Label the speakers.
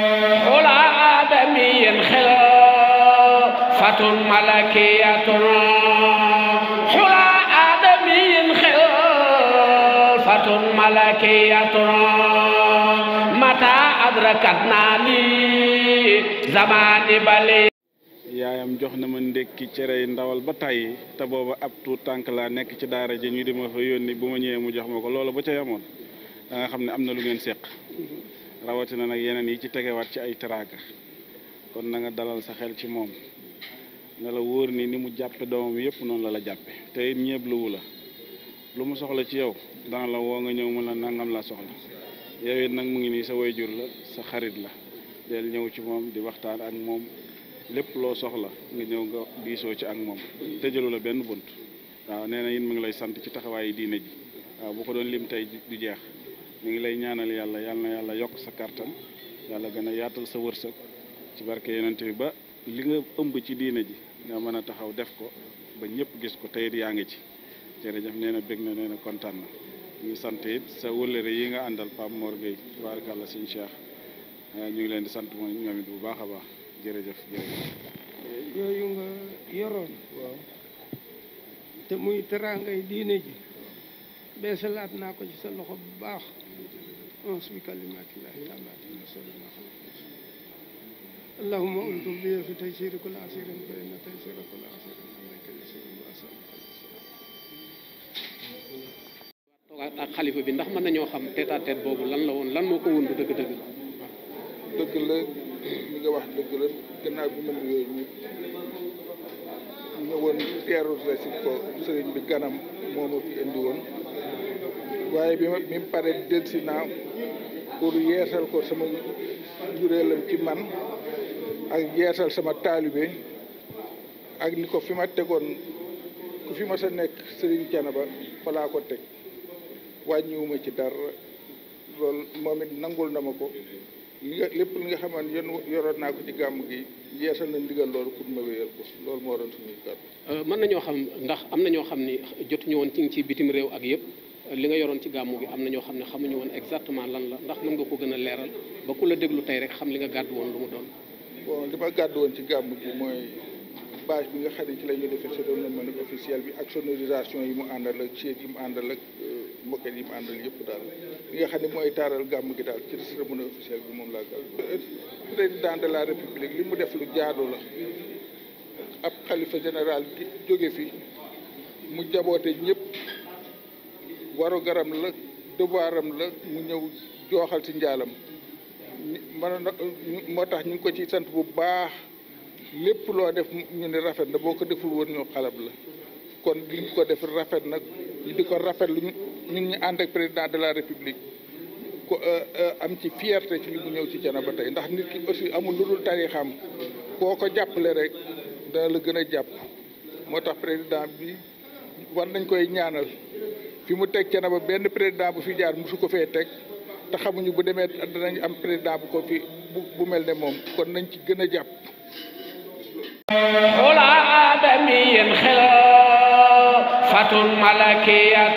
Speaker 1: xula aadamiyin xilafatun malakiyatun xula aadamiyin mata adrakatna li zamani bali yaayam jox na ma ndékki cerey ndawal ba tàyyi te booba ab tuut tànk laa nekk ci daara ja ñu di ma fa yónni bu ma ñëwee mu jox ma ko loolu ba ca yamoon da nga xam ne am na lu ngeen séq rawatina nag yeneen yi ci tegewaat ci ay teraanga kon na nga dalal sa xel ci moom ne la wóor ni ni mu jàppe doomam yépp noonu la la jàppe tey it ñeebluwu la lu mu soxla ci yow dana la woo nga ñëw mu la nangam la soxla yow nag mu ngi nii sa wayjur la sa xarit la del ñëw ci moom di waxtaan ak moom lépp loo soxla nga ñëw nga diisoo ci ak moom tëjalu la benn bunt waaw nee na it mu ngi lay sant ci taxawaayu diine ji waaw bu ko doon lim tey du jeex ñu ngi lay ñaanal yàlla yal na yàlla yokk sa kàttan yàlla gën a yaatal sa wërsëg ci barke yonent bi ba li nga ëmb ci diine ji nga mën a taxaw def ko ba ñëpp gis ko tey it yaa ngi ci jërëjëf nee na bég na nee na kontaan na ñu ngi sant it sa wëllëre yi nga àndal Pape Mor Gueye tabaarakàlla suñu Cheikh eh, ñu ngi leen di sant mooy ñoom it bu baax baax jërëjëf jërëjëf. Eh, yooyu nga yoroon waaw te muy teraangay diine ji. beesalaat naa ko ci sa loxo bu baax ons bi kalimaatillahi taammaati solma allahumma untur bi fi taysiri kul asirin fa inna taysira kul asirin alayka yasirin wa asaluka toogaat ak xalifa bi ndax mën nañoo xam tête à boobu lan la woon lan moo ko wund dëgg-dëgg
Speaker 2: dëgg la dëgg la gannaaw bi ma nuyoo teeru la si ko sëriñ bi ganam moo fi indi woon waaye bi ma bi mu pare delsi naa pour yeesal ko sama njureelam ci man ak yeesal sama taalibe ak ni ko fi ma tegoon ku fi ma sa nekk Serigne Thiénaba fa laa ko teg wàññiwuma ci dara loolu moom it nangul na ma ko li lépp li nga xaman ne yoroon naa ko ci gàmm gi yeesal na ndigal loolu pour ma wéyal ko loolu moo doon suñuy kàddu.
Speaker 1: Euh, mën nañoo xam ndax am na ñoo xam ni jotuñu woon ci ci bitim réew ak yëpp li nga yoroon ci gàmm bi am na ñoo xam ne xamuñu woon exactement lan la ndax mën nga ko gën a leeral ba ku la déglu tey rek xam li nga gàddu woon lu mu doon.
Speaker 2: bon li ma gàdd woon ci gàmm gi mooy bâche bi nga xam ne ci la ñuy defee cérémonie officielle bi ak sonorisation yi mu àndal ak chaise mu àndal ak. Euh, mbokkat yi ma àndal yëpp daal li nga xam ne mooy taaral gàmm gi daal ci cérémonie officielle bi moom laa gàll président de la république li mu def lu jaadu la ab xalifa général gi jóge fi mu jaboote ñëpp waru garam la devoiram la mu ñëw jooxal ci njaalam mën na moo tax ñu ngi ko ci sant bu baax lépp loo def ñu ne rafet na boo ko deful woon ñu xalab la kon ko def rafet di ko rafet luñu ñun ñu ànd ak président de la république ko euh, euh, am ci fierte ci li ñëw ci Thiénaba tey ndax nit ki aussi amul lu dul tarixam koo ko jàppale rek dana la gën a jàpp moo tax président bi war nañ koy ñaanal fi mu teg Thiénaba benn président bu fi jaar mosu ko fee teg te xamuñu bu demee danañ am président bu ko fi bu mel ne moom kon nañ ci gën a jàpp.
Speaker 1: صفة ملكية